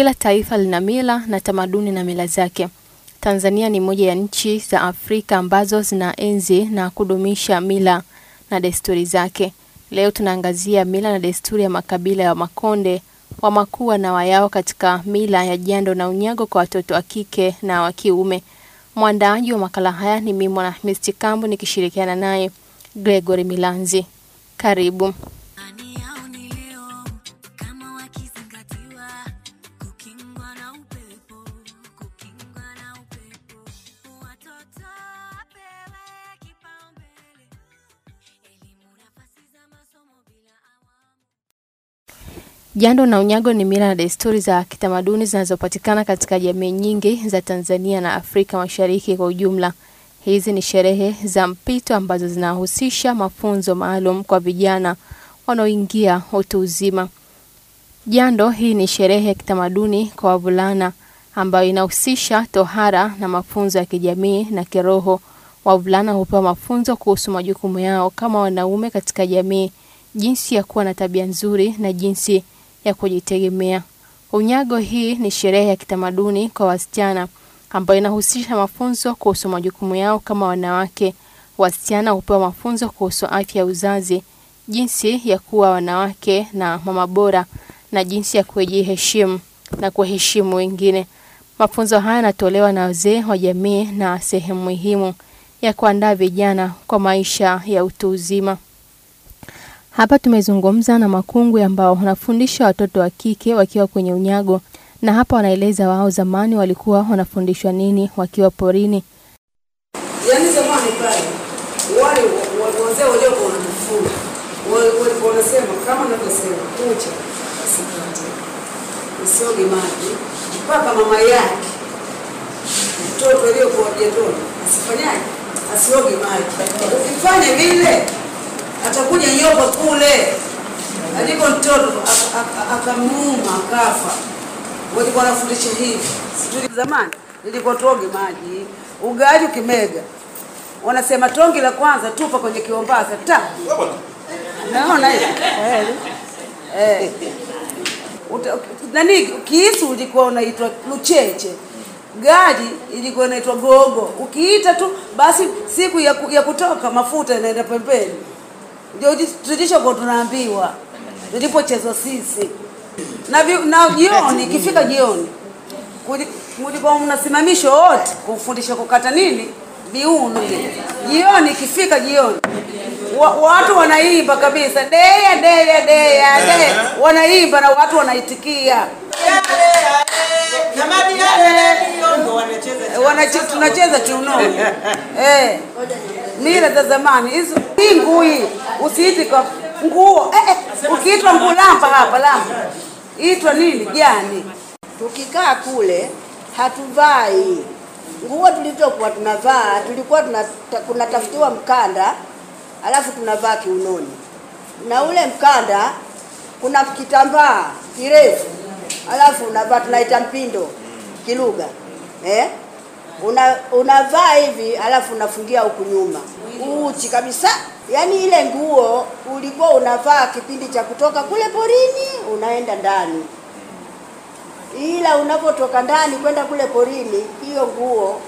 Kila taifa lina mila na tamaduni na mila zake. Tanzania ni moja ya nchi za Afrika ambazo zinaenzi na kudumisha mila na desturi zake. Leo tunaangazia mila na desturi ya makabila ya Makonde, Wamakuwa na Wayao katika mila ya jando na unyago kwa watoto wa kike na wa kiume. Mwandaaji wa makala haya ni mimi Mwanahamisi Kambo nikishirikiana naye Gregory Milanzi. Karibu. Jando na unyago ni mila na desturi za kitamaduni zinazopatikana katika jamii nyingi za Tanzania na Afrika Mashariki kwa ujumla. Hizi ni sherehe za mpito ambazo zinahusisha mafunzo maalum kwa vijana wanaoingia utu uzima. Jando hii ni sherehe ya kitamaduni kwa wavulana ambayo inahusisha tohara na mafunzo ya kijamii na kiroho. Wavulana hupewa mafunzo kuhusu majukumu yao kama wanaume katika jamii, jinsi ya kuwa na tabia nzuri na jinsi ya kujitegemea. Unyago hii ni sherehe ya kitamaduni kwa wasichana ambayo inahusisha mafunzo kuhusu majukumu yao kama wanawake. Wasichana hupewa mafunzo kuhusu afya ya uzazi, jinsi ya kuwa wanawake na mama bora, na jinsi ya kujiheshimu na kuheshimu wengine. Mafunzo haya yanatolewa na wazee wa jamii na sehemu muhimu ya kuandaa vijana kwa maisha ya utu uzima. Hapa tumezungumza na makungwi ambao wanafundisha watoto wa kike wakiwa kwenye unyago, na hapa wanaeleza wao zamani walikuwa wanafundishwa nini wakiwa porini. Yani zamani pale wale wazee waliokuwa wanatufunza walikuwa wanasema kama navyosema, kucha asikate, usioge maji mpaka mama yake mtoto aliyokuwa jetoni asifanyaje, asioge maji. Ukifanya vile atakuja Yoba kule aliko mtoto akamuma akafa. Walikuwa wanafundisha hivi zamani, nilikuwa toge maji ugali ukimega, wanasema tongi la kwanza tupa kwenye kiombaza ta naona eh, nani kisu ulikuwa unaitwa lucheche gari ilikuwa inaitwa gogo. Ukiita tu basi, siku ya, ya kutoka mafuta inaenda pembeni ndio tulichokuwa tunaambiwa tulipochezwa sisi na, na jioni ikifika jioni mlikuwa mnasimamisho wote kufundisha kukata nini viuno. Jioni ikifika jioni watu wanaimba kabisa, deya deya deya deya, wanaimba na watu wanaitikia tunacheza kiuno eh mila za zamani hizo. Hii usiiti kwa nguo eh, eh. Ukiitwa ngulampa hapa lampa itwa nini jani? Tukikaa kule hatuvai nguo tulizokuwa tunavaa, tulikuwa kunatafutiwa mkanda alafu tunavaa kiunoni, na ule mkanda kuna kitambaa kirefu alafu unavaa, tunaita mpindo kilugha eh? una unavaa hivi alafu unafungia huku nyuma uchi kabisa, yaani ile nguo ulikuwa unavaa kipindi cha kutoka kule porini unaenda ndani, ila unapotoka ndani kwenda kule porini, hiyo nguo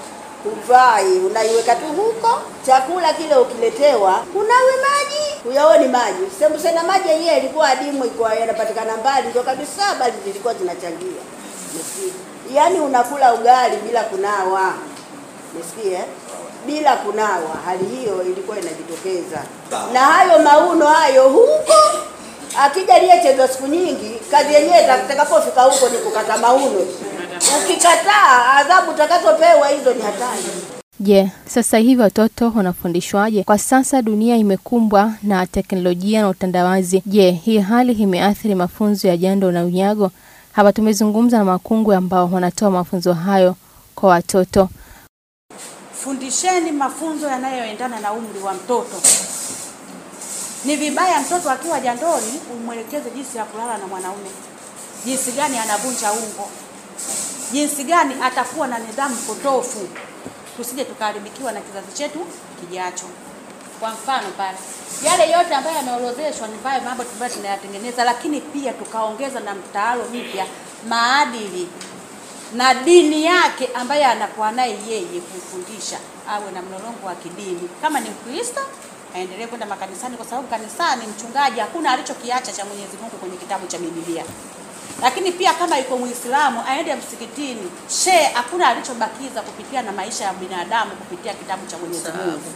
uvai, unaiweka tu huko. Chakula kile ukiletewa, unawe maji, huyaoni maji. Sembusena maji yenyewe ilikuwa adimu, ilikuwa yanapatikana mbali, ndio kabisa, bali zilikuwa zinachangia yaani unakula ugali bila kunawa, nisikie bila kunawa. Hali hiyo ilikuwa inajitokeza, na hayo mauno hayo huko akija aliyecheza siku nyingi, kazi yenyewe takapofika huko ni kukata mauno. Ukikataa adhabu utakazopewa hizo ni hatari. Je, yeah, sasa hivi watoto wanafundishwaje? Kwa sasa dunia imekumbwa na teknolojia na utandawazi. Je, yeah, hii hali imeathiri mafunzo ya jando na unyago? Hapa tumezungumza na makungu ambao wanatoa mafunzo hayo kwa watoto. Fundisheni mafunzo yanayoendana na umri wa mtoto. Ni vibaya mtoto akiwa jandoni umwelekeze jinsi ya kulala na mwanaume, jinsi gani anavunja ungo, jinsi gani atakuwa na nidhamu potofu. Tusije tukaharibikiwa na kizazi chetu kijacho. Kwa mfano pale yale yote ambayo yameorodheshwa ni vile mambo ambayo tunayatengeneza, lakini pia tukaongeza na mtaalo mpya, maadili na dini yake ambayo anakuwa naye yeye, kufundisha awe na mlolongo wa kidini. Kama ni Mkristo aendelee kwenda makanisani, kwa sababu kanisani mchungaji hakuna alichokiacha cha Mwenyezi Mungu kwenye kitabu cha Biblia lakini pia kama iko Muislamu aende msikitini, shehe hakuna alichobakiza kupitia na maisha ya binadamu kupitia kitabu cha Mwenyezi Mungu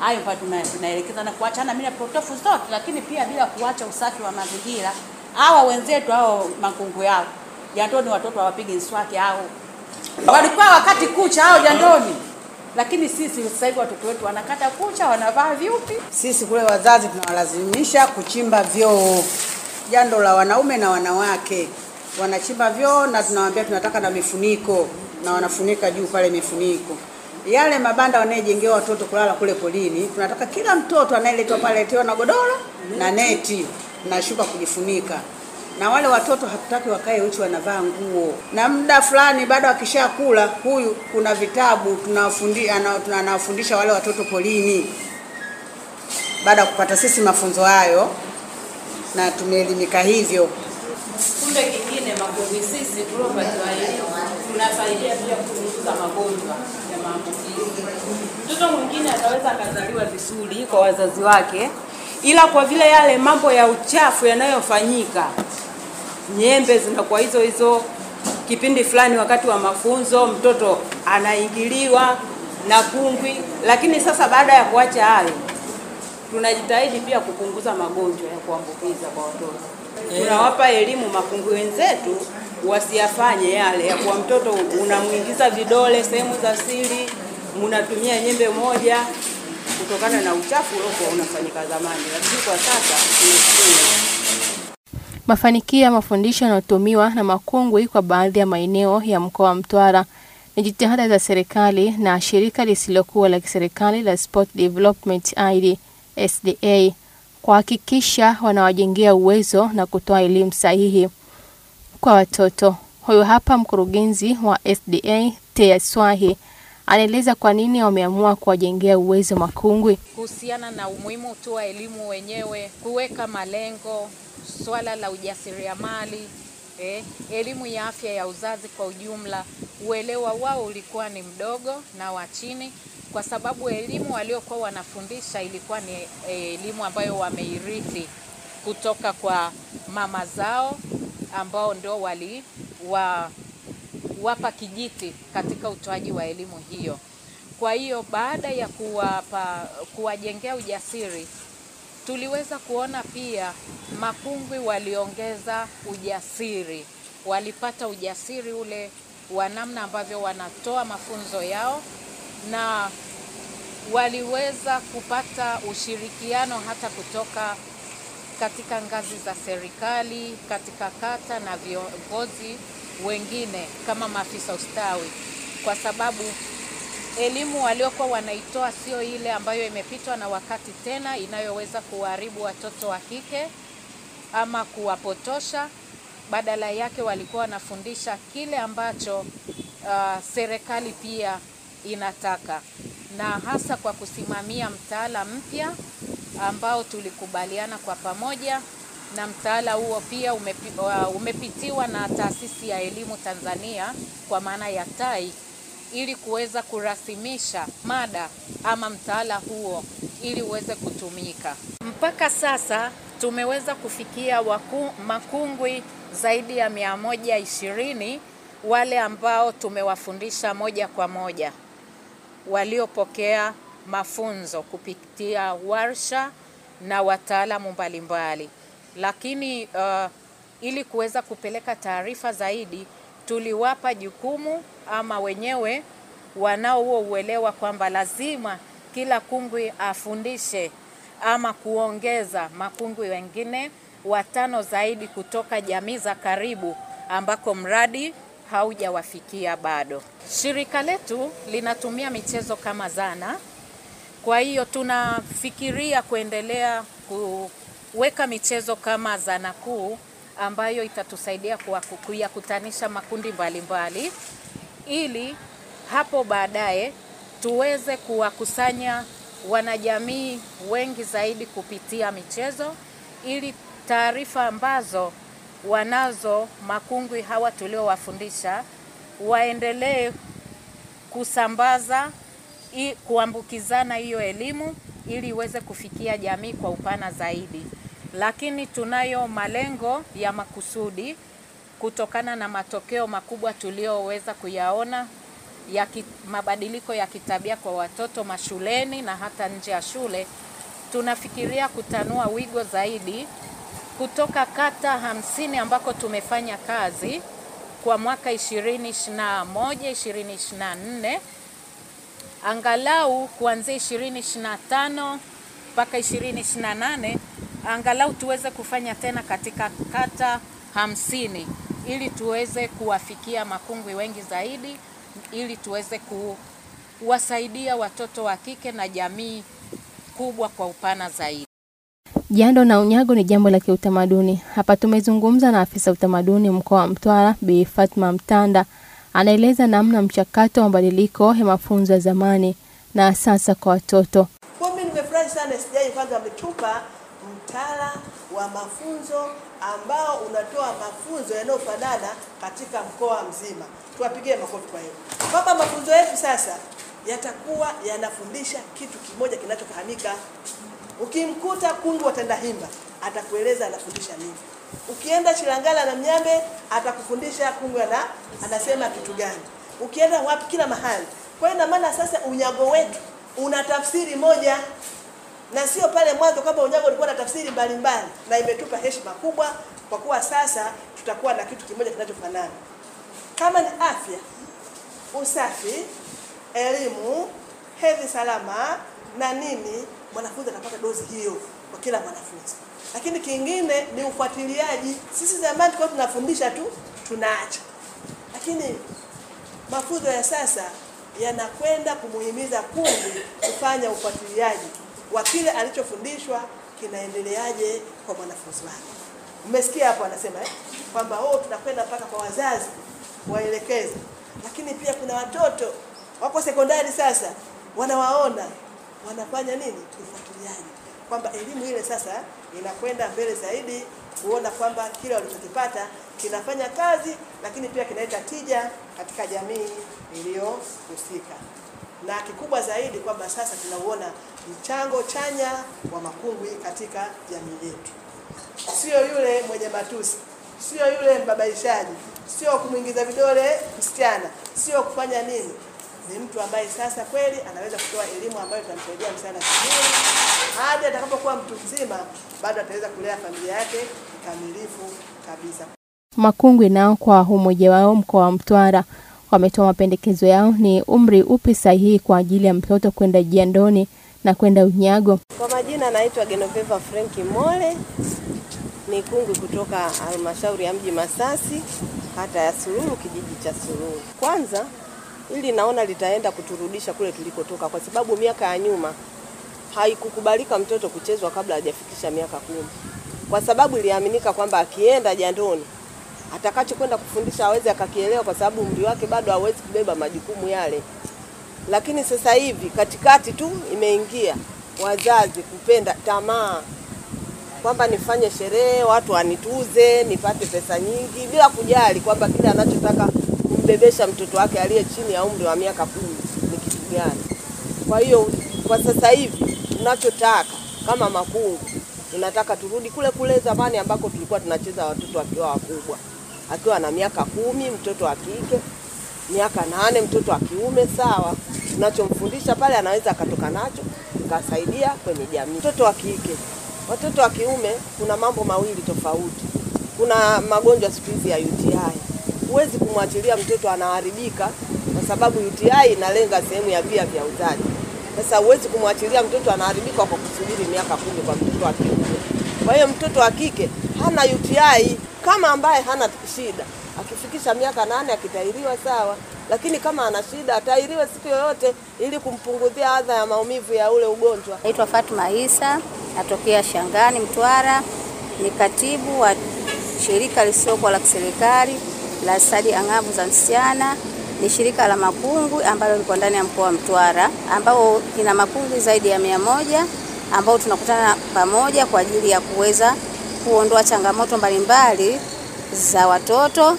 hayo ambayo tunaelekeza na kuachana mila potofu zote, lakini pia bila kuacha usafi wa mazingira. Hawa wenzetu hao makungu yao jandoni, watoto hawapigi mswaki, hao walikuwa wakati kucha hao jandoni, lakini sisi sasa hivi watoto wetu wanakata kucha, wanavaa vyupi. Sisi kule wazazi tunawalazimisha kuchimba vyoo, jando la wanaume na wanawake wanachimba vyoo, na tunawaambia tunataka na mifuniko, na wanafunika juu pale mifuniko yale mabanda wanayojengewa watoto kulala kule polini, tunataka kila mtoto anayeletwa pale aletewa na godoro na neti na shuka kujifunika na wale watoto hatutaki wakae uchi wanavaa nguo, na muda fulani baada wakishakula, huyu kuna vitabu tunawafundisha wale watoto polini, baada ya kupata sisi mafunzo hayo na tumeelimika hivyo. Kumbe kingine makundi sisi tulopatiwa elimu unasaidia pia kupunguza magonjwa ya maambukizi. Mtoto mwingine ataweza akazaliwa vizuri kwa wazazi wake, ila kwa vile yale mambo ya uchafu yanayofanyika, nyembe zinakuwa hizo hizo. Kipindi fulani wakati wa mafunzo mtoto anaingiliwa na kungwi, lakini sasa baada ya kuacha hayo tunajitahidi pia kupunguza magonjwa ya kuambukiza kwa watoto. Eh. Tunawapa elimu makungwi wenzetu wasiyafanye yale ya kuwa mtoto unamwingiza vidole sehemu za siri, mnatumia nyembe moja kutokana na uchafu uliokuwa unafanyika zamani, lakini kwa sasa Mafanikio ya mafundisho yanayotumiwa na makungwi kwa baadhi ya maeneo ya mkoa wa Mtwara ni jitihada za serikali na shirika lisilokuwa la kiserikali la Sport Development ID SDA kuhakikisha wanawajengea uwezo na kutoa elimu sahihi kwa watoto. Huyu hapa mkurugenzi wa FDA Tea Swahi anaeleza kwa nini wameamua kuwajengea uwezo makungwi kuhusiana na umuhimu tu wa elimu wenyewe, kuweka malengo, swala la ujasiriamali eh, elimu ya afya ya uzazi kwa ujumla. Uelewa wao ulikuwa ni mdogo na wa chini, kwa sababu elimu waliokuwa wanafundisha ilikuwa ni eh, elimu ambayo wameirithi kutoka kwa mama zao ambao ndio waliwapa wa, kijiti katika utoaji wa elimu hiyo. Kwa hiyo baada ya kuwapa kuwajengea ujasiri tuliweza kuona pia makungwi waliongeza ujasiri, walipata ujasiri ule wa namna ambavyo wanatoa mafunzo yao na waliweza kupata ushirikiano hata kutoka katika ngazi za serikali, katika kata na viongozi wengine kama maafisa ustawi, kwa sababu elimu waliokuwa wanaitoa sio ile ambayo imepitwa na wakati tena, inayoweza kuwaharibu watoto wa kike ama kuwapotosha. Badala yake walikuwa wanafundisha kile ambacho uh, serikali pia inataka na hasa kwa kusimamia mtaala mpya ambao tulikubaliana kwa pamoja, na mtaala huo pia umepi, uh, umepitiwa na Taasisi ya Elimu Tanzania kwa maana ya TAI ili kuweza kurasimisha mada ama mtaala huo ili uweze kutumika. Mpaka sasa tumeweza kufikia waku, makungwi zaidi ya mia moja ishirini wale ambao tumewafundisha moja kwa moja waliopokea mafunzo kupitia warsha na wataalamu mbalimbali, lakini uh, ili kuweza kupeleka taarifa zaidi, tuliwapa jukumu ama wenyewe wanao huo uelewa kwamba lazima kila kungwi afundishe ama kuongeza makungwi wengine watano zaidi kutoka jamii za karibu ambako mradi haujawafikia bado. Shirika letu linatumia michezo kama zana kwa hiyo tunafikiria kuendelea kuweka michezo kama zana kuu ambayo itatusaidia kuyakutanisha makundi mbalimbali mbali, ili hapo baadaye tuweze kuwakusanya wanajamii wengi zaidi kupitia michezo ili taarifa ambazo wanazo makungwi hawa tuliowafundisha waendelee kusambaza kuambukizana hiyo elimu ili iweze kufikia jamii kwa upana zaidi. Lakini tunayo malengo ya makusudi kutokana na matokeo makubwa tuliyoweza kuyaona ya ki, mabadiliko ya kitabia kwa watoto mashuleni na hata nje ya shule. Tunafikiria kutanua wigo zaidi kutoka kata hamsini ambako tumefanya kazi kwa mwaka 2021 2024 angalau kuanzia 2025 mpaka 2028 angalau tuweze kufanya tena katika kata hamsini ili tuweze kuwafikia makungwi wengi zaidi ili tuweze kuwasaidia watoto wa kike na jamii kubwa kwa upana zaidi. Jando na unyago ni jambo la kiutamaduni. Hapa tumezungumza na afisa utamaduni mkoa wa Mtwara, Bi Fatma Mtanda anaeleza namna mchakato wa mabadiliko ya mafunzo ya zamani na sasa kwa watoto. Kwa mimi nimefurahi sana, sijai kwanza ametupa mtaala wa mafunzo ambao unatoa mafunzo yanayofanana katika mkoa mzima. Tuwapigie makofi kwa hiyo kwamba mafunzo yetu sasa yatakuwa yanafundisha kitu kimoja kinachofahamika. Ukimkuta kungu wa tandahimba atakueleza anafundisha nini. Ukienda Chilangala na Mnyambe atakufundisha kungwa na anasema kitu gani, ukienda wapi, kila mahali. Kwa hiyo maana sasa unyago wetu una tafsiri moja na sio pale mwanzo kwamba unyago ulikuwa na tafsiri mbalimbali, na imetupa heshima kubwa kwa kuwa sasa tutakuwa na kitu kimoja kinachofanana kama ni afya, usafi, elimu, hedhi salama na nini, mwanafunzi atapata dozi hiyo kwa kila mwanafunzi. Lakini kingine ni ufuatiliaji. Sisi zamani tulikuwa tunafundisha tu tunaacha, lakini mafunzo ya sasa yanakwenda kumuhimiza kundi kufanya ufuatiliaji wa kile alichofundishwa kinaendeleaje kwa mwanafunzi wake. umesikia hapo anasema eh, kwamba oh, tunakwenda mpaka kwa wazazi waelekeze, lakini pia kuna watoto wako sekondari sasa, wanawaona wanafanya nini, ufuatiliaji kwamba elimu ile sasa inakwenda mbele zaidi kuona kwamba kile walichokipata kinafanya kazi, lakini pia kinaleta tija katika jamii iliyohusika, na kikubwa zaidi kwamba sasa tunauona mchango chanya wa Makungwi katika jamii yetu, sio yule mwenye matusi, sio yule mbabaishaji, sio kumwingiza vidole msichana, sio kufanya nini ni mtu ambaye sasa kweli anaweza kutoa elimu ambayo itamsaidia msana vizuri hadi atakapokuwa mtu mzima, bado ataweza kulea familia yake kikamilifu kabisa. Makungwi nao kwa umoja wao mkoa wa Mtwara wametoa mapendekezo yao ni umri upi sahihi kwa ajili ya mtoto kwenda jiandoni na kwenda unyago. Kwa majina naitwa Genoveva Frenki Mole, ni kungwi kutoka halmashauri ya mji Masasi, kata ya Sururu, kijiji cha Sururu. Kwanza Hili naona litaenda kuturudisha kule tulikotoka, kwa sababu miaka ya nyuma haikukubalika mtoto kuchezwa kabla hajafikisha miaka kumi, kwa sababu iliaminika kwamba akienda jandoni atakachokwenda kufundisha aweze akakielewa, kwa sababu umri wake bado hawezi kubeba majukumu yale. Lakini sasa hivi katikati tu imeingia wazazi kupenda tamaa kwamba nifanye sherehe, watu wanituze, nipate pesa nyingi, bila kujali kwamba kile anachotaka kumbebesha mtoto wake aliye chini ya umri wa miaka kumi ni kitu gani? Kwa hiyo kwa sasa hivi tunachotaka kama Makungu, tunataka turudi kule kule zamani ambako tulikuwa tunacheza watoto wakiwa wakubwa, akiwa na miaka kumi mtoto wa kike, miaka nane mtoto wa kiume. Sawa, tunachomfundisha pale anaweza akatoka nacho kasaidia kwenye jamii. Mtoto wa kike, watoto wa kiume, kuna mambo mawili tofauti. Kuna magonjwa siku hizi ya UTI huwezi kumwachilia mtoto anaharibika, kwa sababu UTI inalenga sehemu ya via vya uzazi. Sasa huwezi kumwachilia mtoto anaharibika kwa kusubiri miaka kumi kwa mtoto wa kiume. Kwa hiyo mtoto wa kike hana UTI kama ambaye hana shida, akifikisha miaka nane akitairiwa sawa, lakini kama ana shida atairiwe siku yoyote ili kumpunguzia adha ya maumivu ya ule ugonjwa. Naitwa Fatuma Isa, natokea Shangani, Mtwara, ni katibu wa shirika lisilokuwa la kiserikali la Stadi Angavu za Msichana ni shirika la makungwi ambalo liko ndani ya mkoa wa Mtwara, ambao kina makungwi zaidi ya mia moja ambao tunakutana pamoja kwa ajili ya kuweza kuondoa changamoto mbalimbali za watoto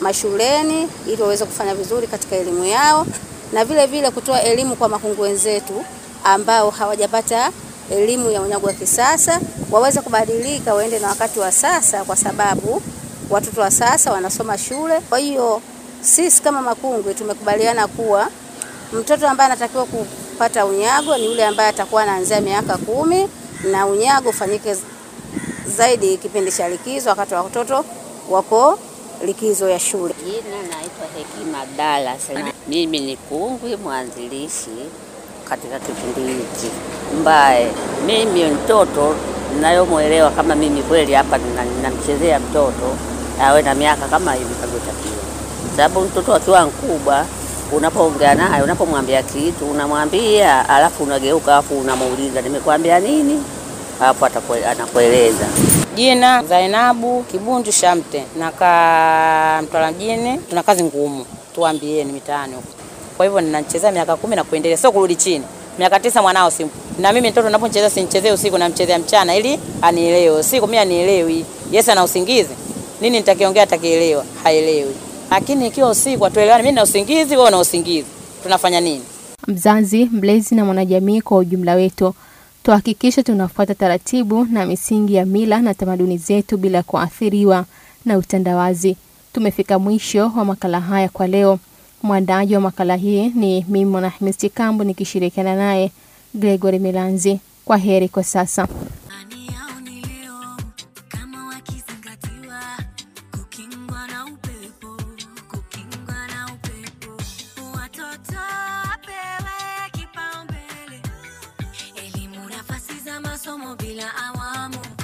mashuleni ili waweze kufanya vizuri katika elimu yao, na vile vile kutoa elimu kwa makungu wenzetu ambao hawajapata elimu ya unyago wa kisasa waweze kubadilika, waende na wakati wa sasa, kwa sababu watoto wa sasa wanasoma shule. Kwa hiyo sisi kama Makungwi tumekubaliana kuwa mtoto ambaye anatakiwa kupata unyago ni yule ambaye atakuwa anaanzia miaka kumi na unyago ufanyike zaidi kipindi cha likizo, wakati wa watoto wako likizo ya shule. Jina naitwa Hekima sana. mimi ni kungwi mwanzilishi katika kipindi hiki mbaye mimi mtoto nayomwelewa kama mimi kweli hapa ninamchezea mtoto awe na miaka kama hivi inavyotakiwa, sababu mtoto akiwa mkubwa unapoongea naye, unapomwambia kitu unamwambia, alafu unageuka, alafu unamuuliza nimekwambia nini, alafu anakueleza. Jina Zainabu Kibundu Shamte, nakaa Mtwara mjini. Tuna kazi ngumu, tuambieni mitaani huko. Kwa hivyo ninachezea miaka kumi na kuendelea, sio kurudi chini. Miaka tisa mwanao simu na mimi mtoto napochezea, simchezee usiku, namchezea mchana ili anielewe. Usiku mimi anielewi, Yesu ana usingizi nini nitakiongea atakielewa, haelewi. Lakini ikiwa usiku atuelewane, mimi na usingizi, wewe na usingizi, tunafanya nini? Mzazi, mlezi na mwanajamii kwa ujumla wetu tuhakikishe tunafuata taratibu na misingi ya mila na tamaduni zetu bila kuathiriwa na utandawazi. Tumefika mwisho wa makala haya kwa leo. Mwandaji wa makala hii ni mimi Mwanahamisi Kambo nikishirikiana naye Gregory Milanzi. Kwa heri kwa sasa.